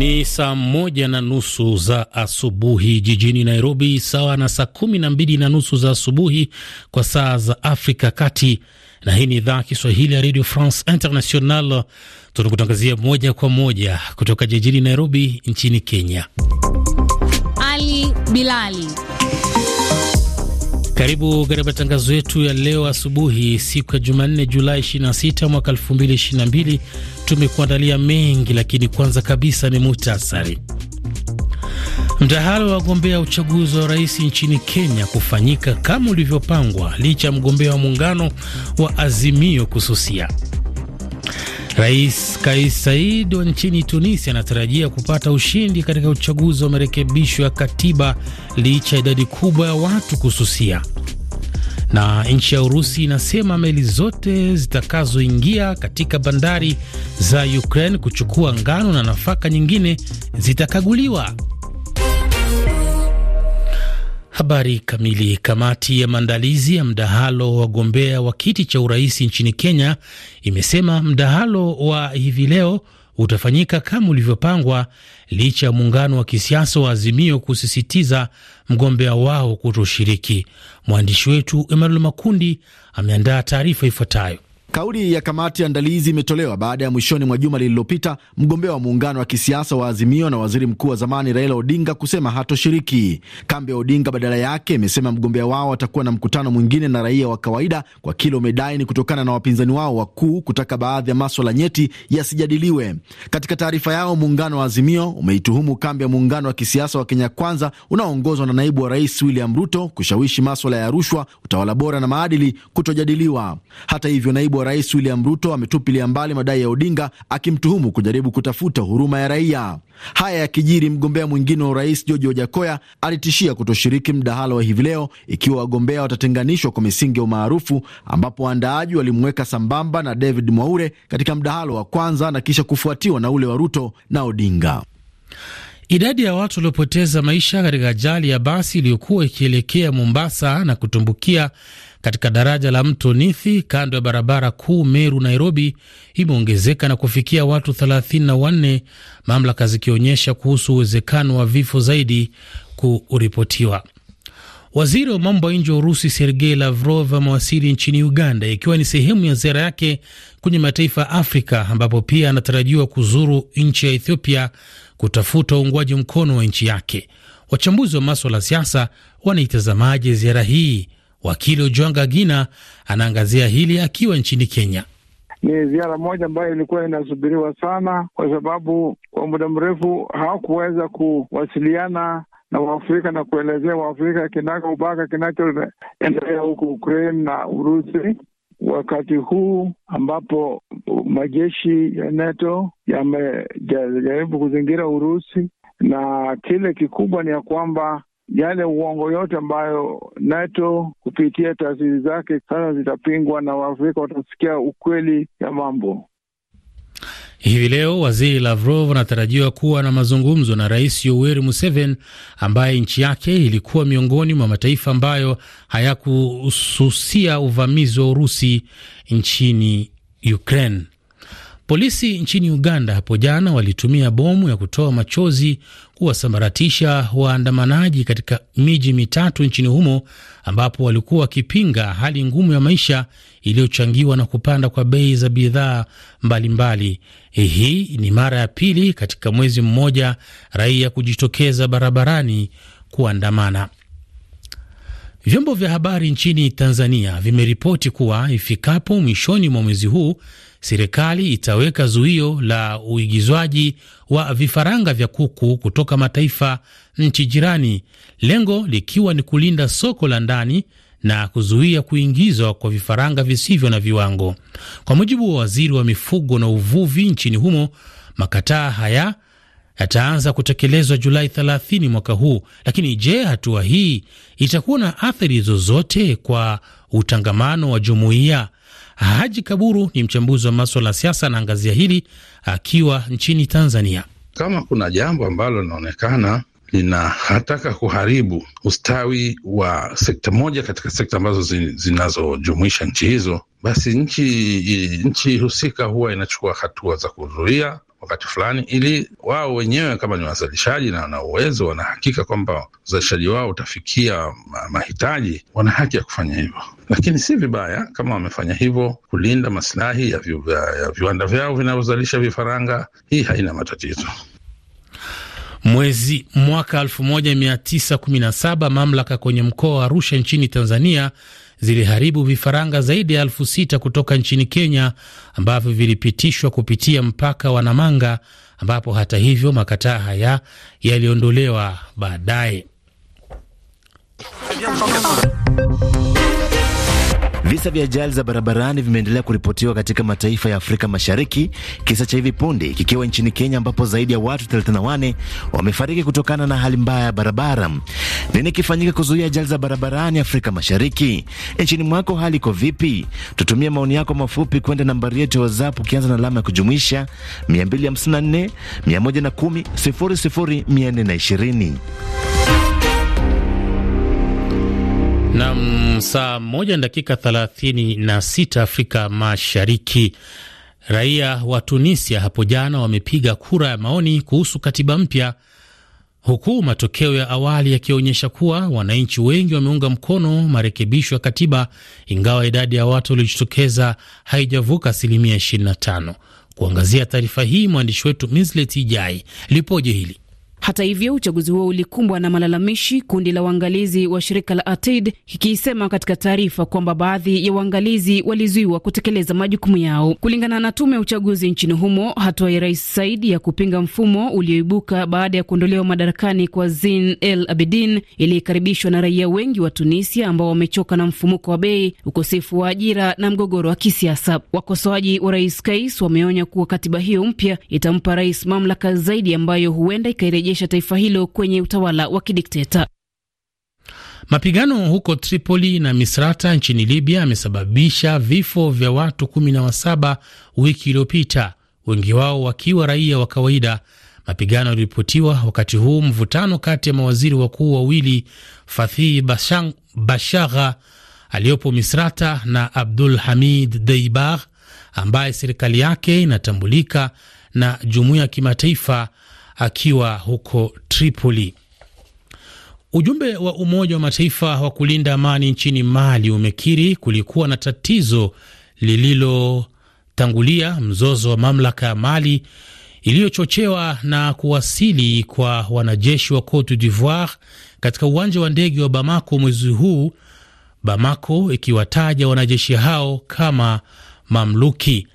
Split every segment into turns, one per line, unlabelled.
Ni saa moja na nusu za asubuhi jijini Nairobi, sawa na saa kumi na mbili na nusu za asubuhi kwa saa za Afrika Kati. Na hii ni idhaa ya Kiswahili ya Radio France International, tunakutangazia moja kwa moja kutoka jijini Nairobi nchini Kenya. Ali Bilali karibu katika matangazo yetu ya leo asubuhi, siku ya Jumanne, Julai 26 mwaka 2022. Tumekuandalia mengi, lakini kwanza kabisa ni muhtasari. Mdahalo wa wagombea uchaguzi wa rais nchini Kenya kufanyika kama ulivyopangwa licha ya mgombea wa muungano wa Azimio kususia. Rais Kais Saied wa nchini Tunisia anatarajia kupata ushindi katika uchaguzi wa marekebisho ya katiba licha ya idadi kubwa ya watu kususia. Na nchi ya Urusi inasema meli zote zitakazoingia katika bandari za Ukraine kuchukua ngano na nafaka nyingine zitakaguliwa. Habari kamili. Kamati ya maandalizi ya mdahalo wa wagombea wa kiti cha urais nchini Kenya imesema mdahalo wa hivi leo utafanyika kama ulivyopangwa licha ya muungano wa kisiasa wa Azimio kusisitiza mgombea wao kutoshiriki. Mwandishi wetu Emmanuel Makundi ameandaa taarifa ifuatayo.
Kauli ya kamati andalizi imetolewa baada ya mwishoni mwa juma lililopita mgombea wa muungano wa kisiasa wa Azimio na waziri mkuu wa zamani Raila Odinga kusema hatoshiriki. Kambi ya Odinga badala yake imesema mgombea wao atakuwa na mkutano mwingine na raia wa kawaida, kwa kile umedai ni kutokana na wapinzani wao wakuu kutaka baadhi ya maswala nyeti yasijadiliwe. Katika taarifa yao, muungano wa Azimio umeituhumu kambi ya muungano wa kisiasa wa Kenya Kwanza unaoongozwa na naibu wa rais William Ruto kushawishi maswala ya rushwa, utawala bora na maadili kutojadiliwa. Hata hivyo naibu wa rais William Ruto ametupilia mbali madai ya Odinga akimtuhumu kujaribu kutafuta huruma ya raia. Haya yakijiri, mgombea mwingine wa urais George Ojakoya alitishia kutoshiriki mdahalo wa hivi leo ikiwa wagombea watatenganishwa kwa misingi ya umaarufu, ambapo waandaaji walimweka sambamba na David Mwaure katika mdahalo wa kwanza na kisha kufuatiwa na ule wa Ruto na
Odinga. Idadi ya watu waliopoteza maisha katika ajali ya basi iliyokuwa ikielekea Mombasa na kutumbukia katika daraja la mto Nithi kando ya barabara kuu Meru Nairobi imeongezeka na kufikia watu 34, mamlaka zikionyesha kuhusu uwezekano wa vifo zaidi kuripotiwa. Waziri wa mambo ya nje wa Urusi Sergei Lavrov amewasili nchini Uganda, ikiwa ni sehemu ya ziara yake kwenye mataifa ya Afrika, ambapo pia anatarajiwa kuzuru nchi ya Ethiopia kutafuta uungwaji mkono wa nchi yake. Wachambuzi wa maswala ya siasa wanaitazamaje ziara hii? Wakili Ojwanga Gina anaangazia hili akiwa nchini Kenya. Ni ziara moja ambayo ilikuwa inasubiriwa sana, kwa sababu kwa muda mrefu hawakuweza kuwasiliana na Waafrika na kuelezea Waafrika kinaga ubaga kinachoendelea huko Ukraine na Urusi. Wakati huu ambapo majeshi ya NATO yamejaribu kuzingira Urusi, na kile kikubwa ni ya kwamba yale uongo yote ambayo NATO kupitia taasisi zake sana zitapingwa na Waafrika watasikia ukweli ya mambo. Hivi leo Waziri Lavrov anatarajiwa kuwa na mazungumzo na Rais Yoweri Museveni ambaye nchi yake ilikuwa miongoni mwa mataifa ambayo hayakususia uvamizi wa Urusi nchini Ukraine. Polisi nchini Uganda hapo jana walitumia bomu ya kutoa machozi kuwasambaratisha waandamanaji katika miji mitatu nchini humo ambapo walikuwa wakipinga hali ngumu ya maisha iliyochangiwa na kupanda kwa bei za bidhaa mbalimbali. Eh, hii ni mara ya pili katika mwezi mmoja raia kujitokeza barabarani kuandamana. Vyombo vya habari nchini Tanzania vimeripoti kuwa ifikapo mwishoni mwa mwezi huu serikali itaweka zuio la uigizwaji wa vifaranga vya kuku kutoka mataifa nchi jirani, lengo likiwa ni kulinda soko la ndani na kuzuia kuingizwa kwa vifaranga visivyo na viwango. Kwa mujibu wa waziri wa mifugo na uvuvi nchini humo, makataa haya yataanza kutekelezwa Julai 30 mwaka huu. Lakini je, hatua hii itakuwa na athari zozote kwa utangamano wa jumuiya Haji Kaburu ni mchambuzi wa maswala ya siasa, na angazia hili akiwa nchini Tanzania. Kama kuna jambo ambalo linaonekana linataka kuharibu ustawi wa sekta moja katika sekta ambazo zinazojumuisha nchi hizo, basi nchi nchi husika huwa inachukua hatua za kuzuia wakati fulani, ili wao wenyewe kama ni wazalishaji na wana uwezo, wanahakika kwamba uzalishaji wao utafikia mahitaji, wana haki ya kufanya hivyo. Lakini si vibaya kama wamefanya hivyo kulinda masilahi ya, vi, ya viwanda vyao vinavyozalisha vifaranga. Hii haina matatizo. Mwezi mwaka 1917 mamlaka kwenye mkoa wa Arusha nchini Tanzania ziliharibu vifaranga zaidi ya elfu sita kutoka nchini Kenya ambavyo vilipitishwa kupitia mpaka wa Namanga, ambapo hata hivyo makataa haya yaliondolewa baadaye.
Visa vya ajali za barabarani vimeendelea kuripotiwa katika mataifa ya Afrika Mashariki, kisa cha hivi punde kikiwa nchini Kenya ambapo zaidi ya watu 38 wamefariki kutokana na hali mbaya ya barabara. Nini kifanyika kuzuia ajali za barabarani Afrika Mashariki? Nchini mwako hali iko vipi? Tutumie maoni yako mafupi kwenda nambari yetu ya WhatsApp ukianza na alama ya kujumuisha 254 110 420.
Nam, saa moja na dakika thelathini na sita Afrika Mashariki. Raia wa Tunisia hapo jana wamepiga kura ya maoni kuhusu katiba mpya, huku matokeo ya awali yakionyesha kuwa wananchi wengi wameunga mkono marekebisho ya katiba, ingawa idadi ya watu waliojitokeza haijavuka asilimia 25. Kuangazia taarifa hii, mwandishi wetu Mislet Ijai lipoje hili
hata hivyo, uchaguzi huo ulikumbwa na malalamishi, kundi la waangalizi wa shirika la ATID ikisema katika taarifa kwamba baadhi ya waangalizi walizuiwa kutekeleza majukumu yao. Kulingana na tume ya uchaguzi nchini humo, hatua ya Rais Said ya kupinga mfumo ulioibuka baada ya kuondolewa madarakani kwa Zin El abidin ilikaribishwa na raia wengi wa Tunisia ambao wamechoka na mfumuko wa bei, ukosefu wa ajira na mgogoro wa kisiasa. Wakosoaji wa Rais Kais wameonya kuwa katiba hiyo mpya itampa rais mamlaka zaidi ambayo huenda ikairejesha kulirejesha taifa hilo kwenye utawala wa kidikteta.
Mapigano huko Tripoli na Misrata nchini Libya yamesababisha vifo vya watu kumi na wasaba wiki iliyopita, wengi wao wakiwa raia wa kawaida. Mapigano yaliripotiwa wakati huu mvutano kati ya mawaziri wakuu wawili Fathihi Bashagha aliyopo Misrata na Abdul Hamid Deibar ambaye serikali yake inatambulika na jumuiya ya kimataifa akiwa huko Tripoli. Ujumbe wa Umoja wa Mataifa wa kulinda amani nchini Mali umekiri kulikuwa na tatizo lililotangulia mzozo wa mamlaka ya Mali iliyochochewa na kuwasili kwa wanajeshi wa Cote d'Ivoire katika uwanja wa ndege wa Bamako mwezi huu, Bamako ikiwataja wanajeshi hao kama mamluki.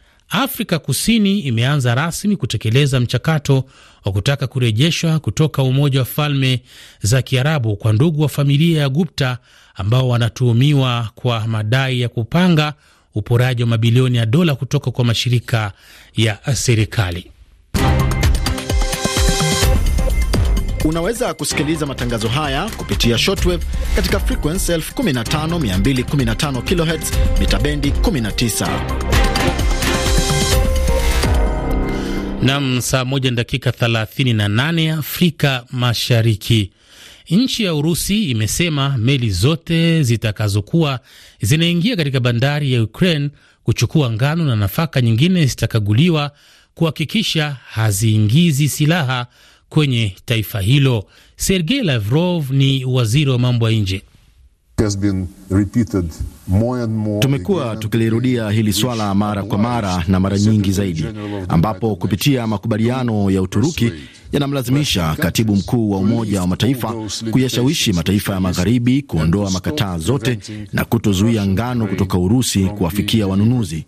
Afrika Kusini imeanza rasmi kutekeleza mchakato wa kutaka kurejeshwa kutoka Umoja wa Falme za Kiarabu kwa ndugu wa familia ya Gupta ambao wanatuhumiwa kwa madai ya kupanga uporaji wa mabilioni ya dola kutoka kwa mashirika ya serikali.
Unaweza kusikiliza matangazo haya kupitia shortwave katika frequency 15215 kHz mitabendi 19.
Nam, saa moja na dakika 38 Afrika Mashariki. Nchi ya Urusi imesema meli zote zitakazokuwa zinaingia katika bandari ya Ukraine kuchukua ngano na nafaka nyingine zitakaguliwa kuhakikisha haziingizi silaha kwenye taifa hilo. Sergei Lavrov ni waziri wa mambo ya nje
Tumekuwa tukilirudia hili swala mara kwa mara na mara nyingi zaidi, ambapo kupitia makubaliano ya Uturuki yanamlazimisha katibu mkuu wa Umoja wa Mataifa kuyashawishi mataifa ya magharibi kuondoa makataa zote na kutozuia ngano kutoka Urusi kuwafikia wanunuzi,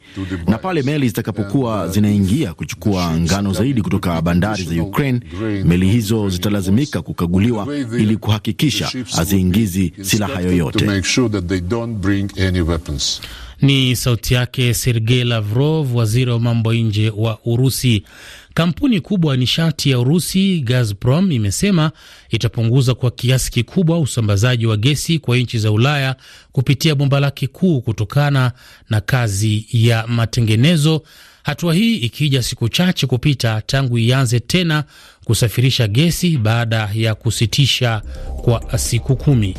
na pale meli zitakapokuwa zinaingia kuchukua ngano zaidi kutoka bandari za Ukraine, meli hizo zitalazimika kukaguliwa ili kuhakikisha haziingizi silaha yoyote.
Ni sauti yake Sergei Lavrov, waziri wa mambo ya nje wa Urusi. Kampuni kubwa ya nishati ya Urusi Gazprom imesema itapunguza kwa kiasi kikubwa usambazaji wa gesi kwa nchi za Ulaya kupitia bomba lake kuu kutokana na kazi ya matengenezo, hatua hii ikija siku chache kupita tangu ianze tena kusafirisha gesi baada ya kusitisha kwa siku kumi.